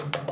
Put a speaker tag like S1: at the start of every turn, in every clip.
S1: you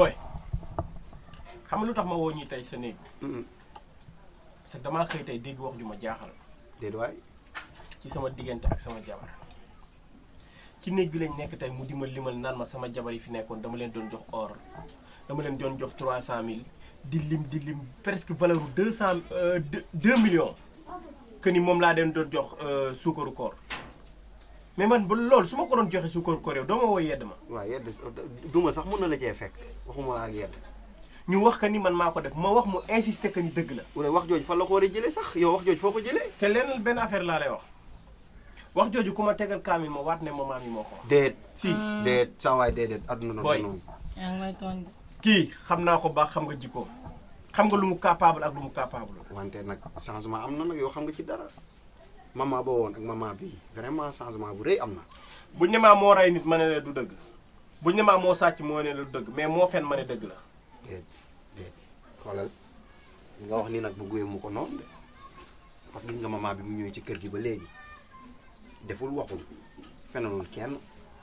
S1: booy xam nga lu tax ma woo ñi tey sa néeg. parce que damaa xëy tey dégg wax ju ma jaaxal. déedéet waay. ci sama diggante ak sama jabar ci néeg bi lañ nekk tey mu dimal limal naan ma sama jabar yi fi nekkoon dama leen doon jox or dama leen doon jox trois cent mille di lim di presque valeur bu deux cent euh, deux million que ni moom laa leen doon jox euh, suukaru koor. mais man ba loolu su ma ko doon joxe su ko ko réew doo ma woo yedd ma. waaw yedd duma sax mën na la cee fekk waxuma la ak yedd. ñu wax ka ni man maa ko def ma wax mu insister ka ni dëgg la. wala wax jooju fan ko a jëlee sax yow wax jooju foo ko jëlee. te lenn benn affaire laa lay wax wax jooju ku ma tegal kaam yi ma waat ne ma maam yi moo ko wax. déet si ah. déet saa waay déedéet adduna
S2: noonu. booy yaa ngi
S1: kii xam naa ko baax xam nga jikkoom xam nga lu mu capable ak lu mu capable. wante nag changement am na nag yoo xam nga ci dara. maman ba woon ak maman bi vraiment changement bu rëy am na. bu ne maa moo rey nit ma ne du dëgg bu ne moo sàcc moo ne du dëgg mais moo fen ma ne dëgg la. xoolal nga wax nii nag bëgguwee mu ko noonu de parce que gis nga maman bi mu ñëwee ci kër gi ba léegi deful waxul fenalul kenn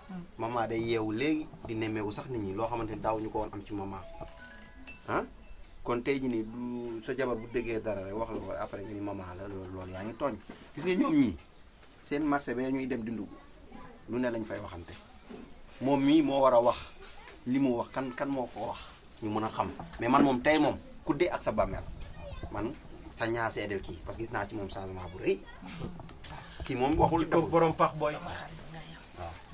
S1: hmm. maman day yeewu léegi di nemmeeku sax nit ñi loo xamante ni daawuñu ko woon am ci maman ah. kon tay ni du sa jabar bu déggee dara rek wax la ko après ngi mama la loolu loolu yaa ngi tooñ gis nga ñom ñi seen marché ba ñuy dem di lu ne lañ fay waxante mom mi mo wara wax limu wax kan kan moko wax ñu mëna xam mais man mom tay mom ku dé ak sa bamél man sa ñaa sé del ki parce que gis na ci mom changement bu reuy ki mom waxul ko borom pax boy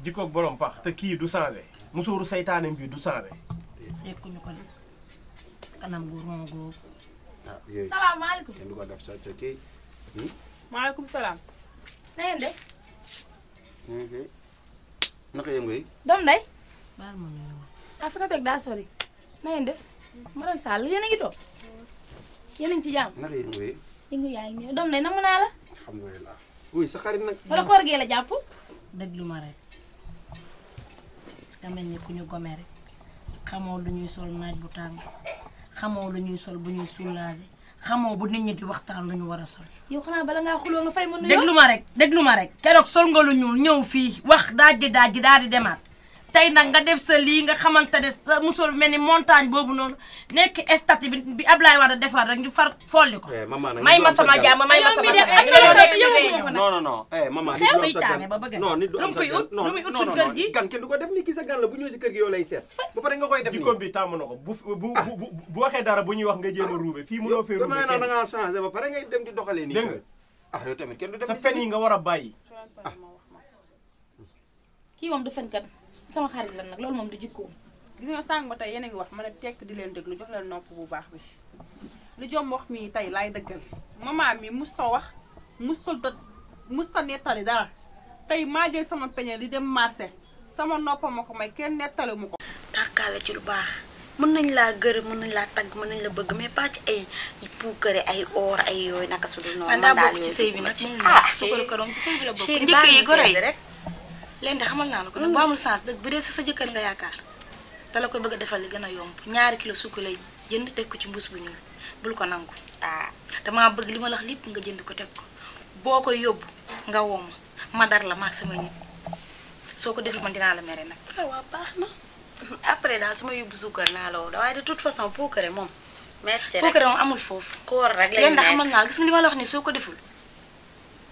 S1: jikko borom pax te ki du changer musóoru saytane bi du changer
S2: c'est ñu ko kanam gurum go
S1: nah, iya. salam alaikum kendu ko daf sa ci ki hmm?
S2: wa alaikum salam nayen de
S1: mm-hmm. naka ya, yem ngay
S2: dom day bal mo ñu afrika tek da sori nayen def madam sall yene ngi tok yene ci jam naka yem ngay ingu yaay ni dom day namuna la
S1: alhamdulillah, uy sa xarit nak wala koor
S2: ge la japp degluma rek da melni ku ñu gomé rek xamoo lu ñuy sol naaj bu tàng xamoo lu ñuy sol bu ñuy soulager xamoo bu nit ñi di waxtaan lu ñu war a sol. yow xanaa bala ngaa xuloo nga fay mu nuyoo déglu ma rek déglu ma rek. keroog sol nga lu ñuul ñëw fii wax daaj di daaj di daal di demaat. tay nag nga def sa li nga xamantene ne sa musóor montagne bobu non nek estate bi bi Ablaye Wade defar rek ñu far folli ko. Eh,
S1: may ma sama jamm may ma sama jàmm non non non eh mama, ni do am sa gan ba bëgg non nit du am sa gan non non non gan kenn du ko def ni ki sa gan la bu ñu ci kër gi yow lay seet ba pare nga koy def ko bi tam na ko bu bu bu waxee dara bu ñu wax nga jema a fi mu do fee ruube dama na da nga changer ba pare ngay dem di doxalee ni dégg ah yow tamit ken du dem sa fen yi nga wara bayyi bàyyi ah.
S2: kii moom du fenkat sama xarit lan nag loolu moom du jikkoom. gis nga sànq ba tey yéen a wax ma a tekk di leen déglu jox leen nopp bu baax bi lu jom wax mi tey laay ma maam mi musta wax musta dot musta nettali dara tey maa jël sama peñe di dem marché sama noppam ma ko may kenn nettali mu ko. la ci lu baax mën nañ laa gërëm mën nañ laa tagg mën nañ la bëgg mais pas ci ay puukare ay oor ay yooyu naka su dul noonu. man daa bokk ci sëy bi nag ah, ci sëy bi la bokk njëkk yi rek. leen de xamal naa la ko nag mm. bu amul sens dëgg bu dee sa jëkkër nga yaakaar dala ko bëgg defal li gën a yomb ñaari kilo sukk lay jënd teg ko ci mbuus bu ñuul bul ko nangu ah damaa bëgg li ma la wax lépp nga jënd ko teg ko boo koy yóbbu nga wom ma dar la maag sama nit soo ko defee man dinaa mere nag. ah waaw baax na après ma yóbbu suukar naa la woo waaye de toute façon puukare moom. merci rek moom amul foofu. koor rek lañ leen da xamal naa gis nga li ma la wax nii soo ko deful.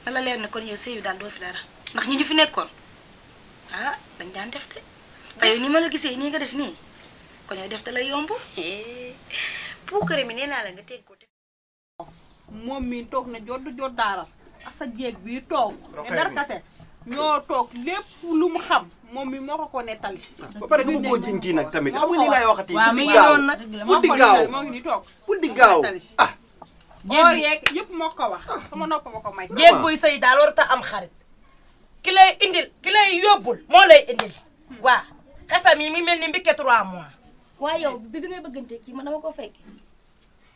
S2: dala leer ne kon yow sëy bi daal doo fi dara ndax ñi ñu fi nekkoon. ah dañ daan def de waaye ni ma la gisee nii nga def nii ko ñooy def da lay yomb puukare mi nee la nga teg ko moom mi toog na jodd joddaaral ak sa jéeg bii toog ne dar kase ñoo toog lépp lu mu xam moom mi moo ko ko ba pare nga bëggoo jiñ kii tamit xam nga lii laay waxati waaw mi ngi noonu nag bul di gaaw moo ngi ni toog bul di gaaw ah jéeg yeeg yëpp moo wax sama nopp ma may jéeg buy sëy daal warta am xarit ki lay indil ki lay yóbbul moo lay indil waa xesam yi mu mel ni mbikke trois mois. waaye yow bi bi ngay bëggante kii man dama ko fekk.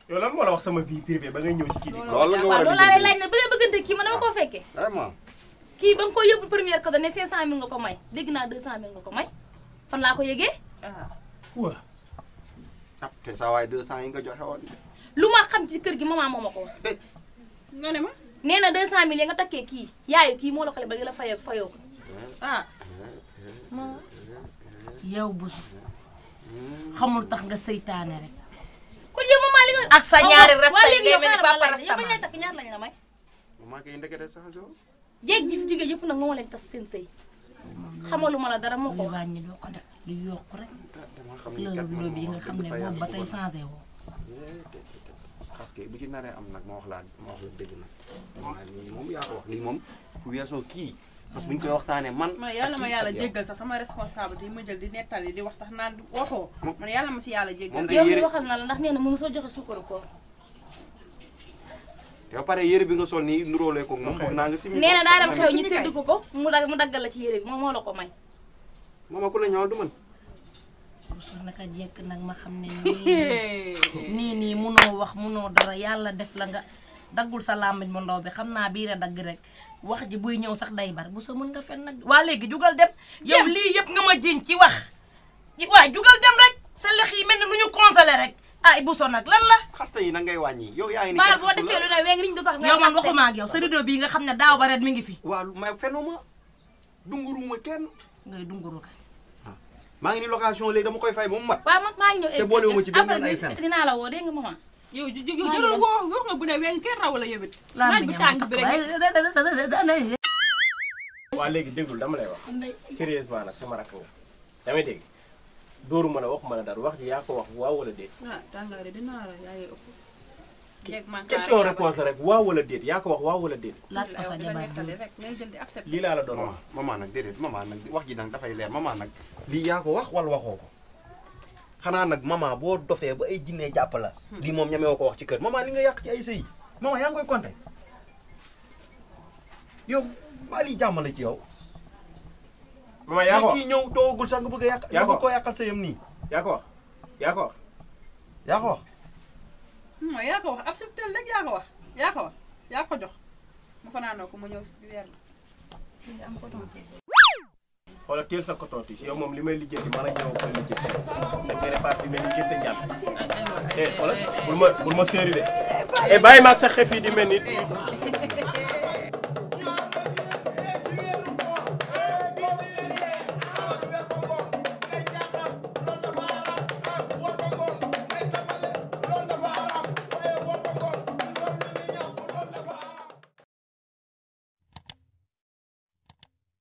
S1: yow lan moo la wax sama vie privée ba ngay ñëw ci kii di. loolu la nga war a loolu laa lay
S2: laaj nag bi ngay bëggante kii man dama ko fekkee. vraiment. kii ba nga ko yóbbu première cadeau ne 500000 nga ko may léegi naa 200000 nga ko may fan laa ko yëgee.
S1: waaw. ah te saa waay 200 yi nga joxe woon.
S2: lu ma xam ci kër gi maman moo ma ko wax. nga ne ma. nee na 200000 ya nga takkee kii yaayu kii moo la ko lebal di la fayoo fayoo ko ah. ma yow xamul tax nga seytaane rek. kon yow maman li nga. ak sa ñaari rasta yi ngay mel takk ñaar lañ la may.
S1: maman kay ndekete sax yow.
S2: jéeg ji yëpp nag moo leen tas seen sëy. xamalu ma la dara moo ko wax wàññi doo ko lu yokk rek. loolu loolu yi nga xam ne moom ba tey
S1: parce que bu ci naré am nak mo wax la mo wax la dëgg nag ma lii moom ko wax lii mom ku weesoo kii parce buñ koy waxtaanee man man yalla ma yalla jéggal sax
S2: sama responsable di ma jël di netali di wax sax nan waxo man yalla ma ci yalla jéggal yow ñu waxal na la ndax nee na moom soo joxe sukkaru koor
S1: yow pare yére bi nga sol ni nii nuróolee ko moom na nga simi nee da dem xew ñi sédd
S2: ko ko mu dag mu daggal la ci yére bi moom mo la ko may mama ku la ñaw du man bu sax naka jekk nag ma xam ne nii wax munoo dara yàlla def la nga daggul sa mañ mu ndaw bi xam naa bii la dagg rek wax ji buy ñëw sax day bar bu sa mën nga fen nag waa léegi jugal dem yow lii yëpp nga ma jiñ ci wax waa jugal dem rek sa lex yi mel ni lu ñu consolé rek ah bu so nag lan la xaste yi nag ngay wàññi yow yaa ngi ni boo defee lu ne wéng riñ dëgg wax nga nga xam ne daaw ba mi ngi fi waaw ma kenn ngay
S1: dunguru ka ah. maa ngi ni location léegi dama koy fay ba mu mat waaw
S2: man maa te boolewuma ci benn dinaa la woo dégg nga maman yow yow jëlal woo wax la yow it.
S1: waa léegi déglul dama lay wax. sérieusement nag sama rakk nga. damay dégg dóoru ma la waxuma wax ji yaa ko wax waaw wala déet.
S2: ah tàngaare dinaa yaa
S1: rek waaw wala déet yaa ko wax waa wala déet. laaj
S2: lii laa la doon wax.
S1: maman nag déedéet maman nag wax ji nag dafay leer ma nag lii yaa ko wax wala waxoo ko. xanaa nag maman boo dofee ba ay jinne jàpp la. Hmm. moom ñamewoo ko wax ci kër maman li nga yàq ci ay sëy maman yaa ngi koy compter yow maa lii jàmm la ci yow. maman yaa wax kii ñëw toogagul sax nga bëgg a yàq. yaa ko wax nga bëgg yàqal wax yaa wax. yaa wax.
S2: non hmm, wax ab wax yaa wax
S1: xoolal teel sa kotooti yow moom li may lijjanti man ak yow koy lijjanti sa kere paas dina lijjanti
S2: njàpp
S1: eh xoolal bul ma bul ma séeri de eh bàyyi ma sa xef yi di mel
S2: ni.